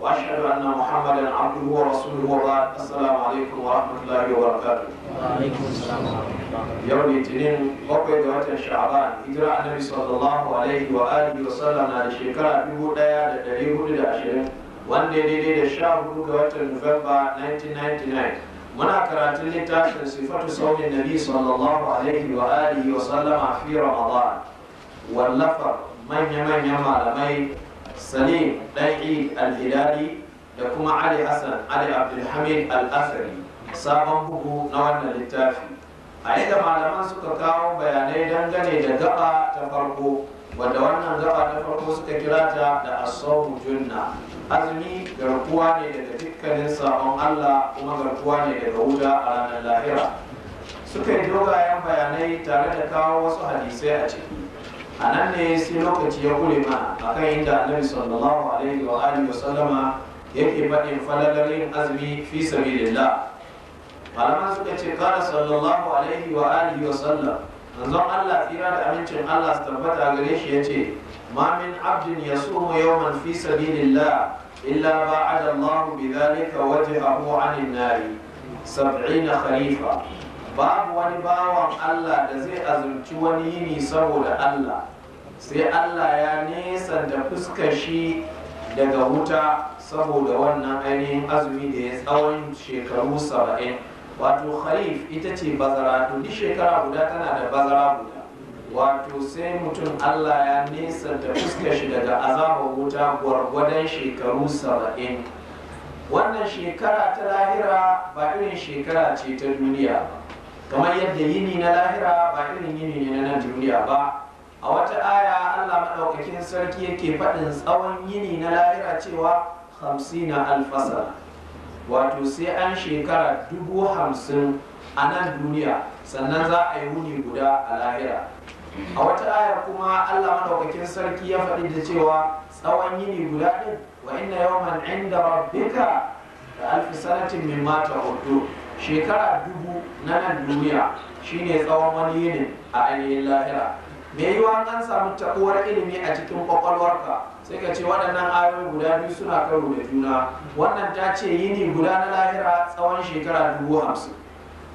واشهد ان محمدا عبده ورسوله وبعد السلام عليكم ورحمه الله وبركاته. وعليكم السلام ورحمه الله. يوم الاثنين بقي دوات شعبان هجرة النبي صلى الله عليه واله وسلم على شيكرا دبو دايا دا دري هودو دا عشرين وان دي دي دي دا شا هودو دوات نوفمبر 1999 منا كراتين لتاشر صفة صوم النبي صلى الله عليه واله وسلم في رمضان واللفر من يمن يمن على مي salim ɗan'i al-hilali da kuma ali hassan ali abdulhamid al-asari sabon bugu na wannan littafi a yadda malaman suka kawo bayanai dangane da gaba ta farko wadda wannan gaba ta farko suka kira ta da asawu junna azumi garkuwa ne daga dukkanin sabon allah kuma garkuwa ne daga wuta a ranar lahira suka yi dogayen bayanai tare da kawo wasu hadisai a ciki a nan ne sai lokaci ya kure mana kan inda annabi sallallahu alaihi wa alihi wa sallama yake faɗin falalarin azumi fi sabilillah malama suka ce kana sallallahu alaihi wa alihi wa sallam manzon Allah tsira da amincin Allah su tabbata gare shi yace ma min abdin yasumu yawman fi sabilillah illa ba'ada Allah bi dhalika wajhahu 'anil nari 70 khalifa babu wani bawan Allah da zai azurci wani yini saboda Allah sai Allah ya da fuskar shi daga wuta saboda wannan ainihin azumi da ya tsawon shekaru saba'in wato khalif ita ce bazara to duk shekara guda tana da bazara guda wato sai mutum Allah ya nesa fuskar shi daga azabar wuta gwargwadon shekaru saba'in wannan shekara ta lahira ba irin shekara ce ta duniya ba kamar yadda yini na lahira ba irin yini ne na nan duniya ba a wata aya Allah maɗaukakin sarki yake faɗin tsawon yini na lahira cewa hamsina alfasar wato sai an shekara dubu hamsin a nan duniya sannan za a yi wuni guda a lahira a wata aya kuma Allah maɗaukakin sarki ya faɗi da cewa tsawon yini guda ɗin wa inna yawman inda rabbika da alfisanatin sanatin mimma hudu shekara dubu na nan duniya shine tsawon wani yinin a ainihin lahira me yiwa an samu takuwar ilimi a cikin kwakwalwarka sai ka ce waɗannan ayoyi guda biyu suna karo da juna wannan ta ce yini guda na lahira tsawon shekara dubu hamsin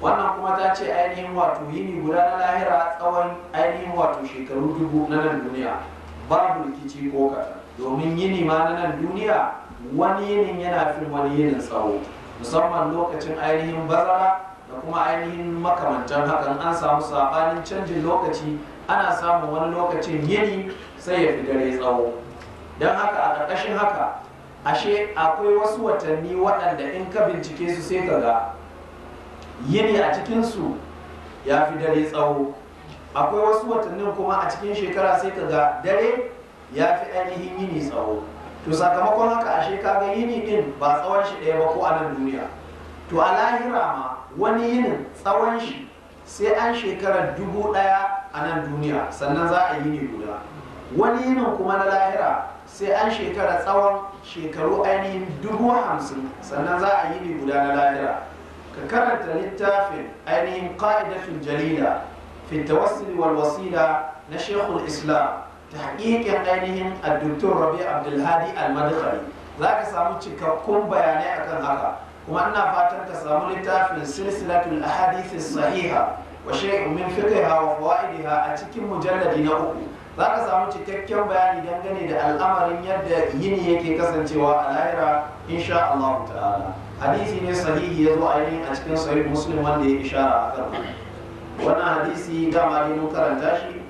wannan kuma ta ce ainihin wato yini guda na lahira tsawon ainihin wato shekaru dubu na nan duniya babu rikici ko kaɗan domin yini ma na nan duniya wani yinin yana fin wani yinin tsawo musamman lokacin ainihin bazara da kuma ainihin makamantan hakan an samu sabanin canjin lokaci ana samun wani lokacin yini sai ya fi dare tsawo don haka a ƙarƙashin haka ashe akwai wasu watanni waɗanda in ka bincike su sai ka ga yini a cikinsu ya fi dare tsawo akwai wasu watannin kuma a cikin shekara sai ka ga dare ya fi ainihin yini tsawo to sakamakon haka ashe kaga yini din ba tsawon shi ɗaya ba ko a nan duniya to a lahira ma wani yinin tsawon shi sai an shekarar dubu ɗaya a nan duniya sannan za a yini guda wani yinin kuma na lahira sai an shekara tsawon shekaru ainihin dubu hamsin sannan za a yini guda na lahira ka karanta littafin ainihin ka'idatul jalila fi tawassul wal wasila na shekul islam Da tahqiqin ainihin addoktor rabi abdulhadi al-madkhali za ka samu cikakkun bayanai akan haka kuma ina fatan ka samu littafin silsilatul ahadith sahiha wa shay'un min fiqhiha wa fawaidiha a cikin mujalladi na uku za ka samu cikakken bayani dangane da al'amarin yadda yini yake kasancewa a lahira insha Allah ne sahihi ya zo ainihin a cikin sahih muslim wanda ya ishara akan wannan hadisi dama ne mun karanta shi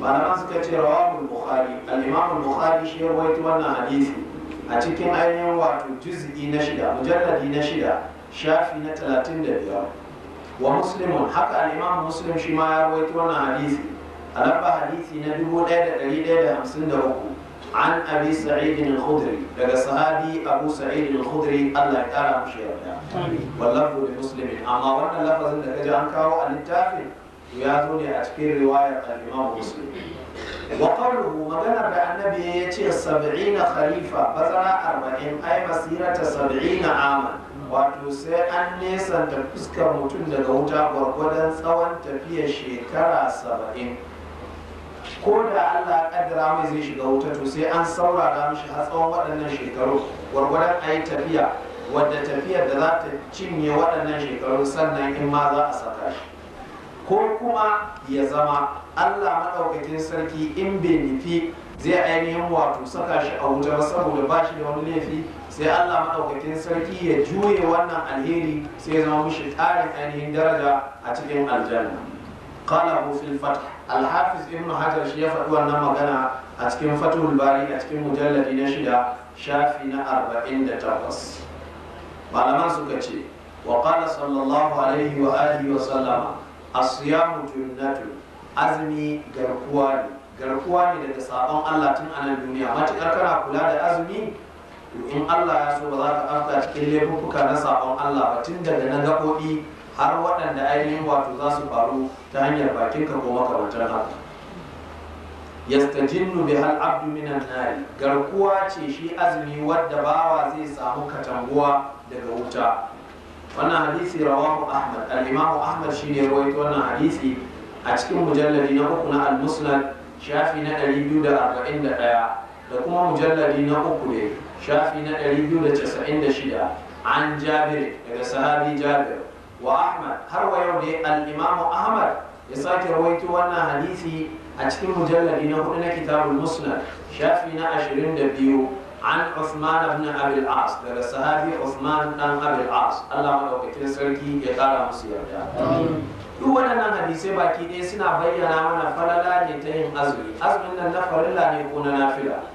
malaman suka ce rawahul bukhari al-imam bukhari shi ya rawaito wannan hadisi a cikin ainihin wato juz'i na shida mujalladi na shida shafi na talatin da biyar wa muslimun haka al-imam muslim shi ma ya rawaito wannan hadisi a lamba hadisi na dubu ɗaya da da hamsin da uku an abi sa'id al-khudri daga sahabi abu sa'id al-khudri Allah ya kara mushi yarda wallahu li muslimin amma wannan lafazin da kaji an kawo a littafin ya zo ne a cikin riwayar al-Imam Muslim wa maganar da annabi ya ce 70 khalifa bazara 40 ai masirata 70 ama wato sai an nesanta fuskar mutum daga wuta gwargwadon tsawon tafiyar shekara 70 ko da Allah kaddara mai zai shiga wuta to sai an saurara mishi har tsawon waɗannan shekaru gwargwadon a yi tafiya wadda tafiyar da za ta cinye waɗannan shekaru sannan in ma za a saka ko kuma ya zama Allah maɗaukakin sarki in bai nufi zai ainihin wato saka shi a wuta saboda ba shi da wani laifi sai Allah maɗaukakin sarki ya juye wannan alheri sai ya zama mishi ƙarin ainihin daraja a cikin aljanna qala hu fil fath al hafiz ibn hajar shi ya faɗi wannan magana a cikin fathul bari a cikin mujalladi na shida shafi na arba'in da takwas malaman suka ce wa qala sallallahu alaihi wa alihi wa sallama asiyamu junnatu azumi garkuwa ne garkuwa ne daga sabon Allah tun a nan duniya matukar kana kula da azumi to in Allah ya so ba za ka afka cikin laifuka na sabon Allah ba tun daga na gaɓoɓi har waɗanda ainihin wato za su faru ta hanyar bakin ka ko makamantar haka yastajinnu bi hal abdu an nari garkuwa ce shi azumi wadda bawa zai samu katanguwa daga wuta wannan hadisi rawahu ahmad al-imamu ahmad shine ya rawaito wannan hadisi a cikin mujalladi na uku na al-musnad shafi na 241 da kuma mujalladi na uku ne shafi na 296 an jabir daga sahabi jabir wa ahmad har wa yau dai al-imamu ahmad ya sake rawaito wannan hadisi a cikin mujalladi na hudu na kitabul musnad shafi na 22 عن عثمان بن ابي العاص ترى صحابي عثمان بن ابي العاص الله لو كتب سركي يقرا مسيح يا هو انا حديثه باقي دي سنا بيانا وانا فلا لا يتهم ازري ازمن النفر لا يكون نافله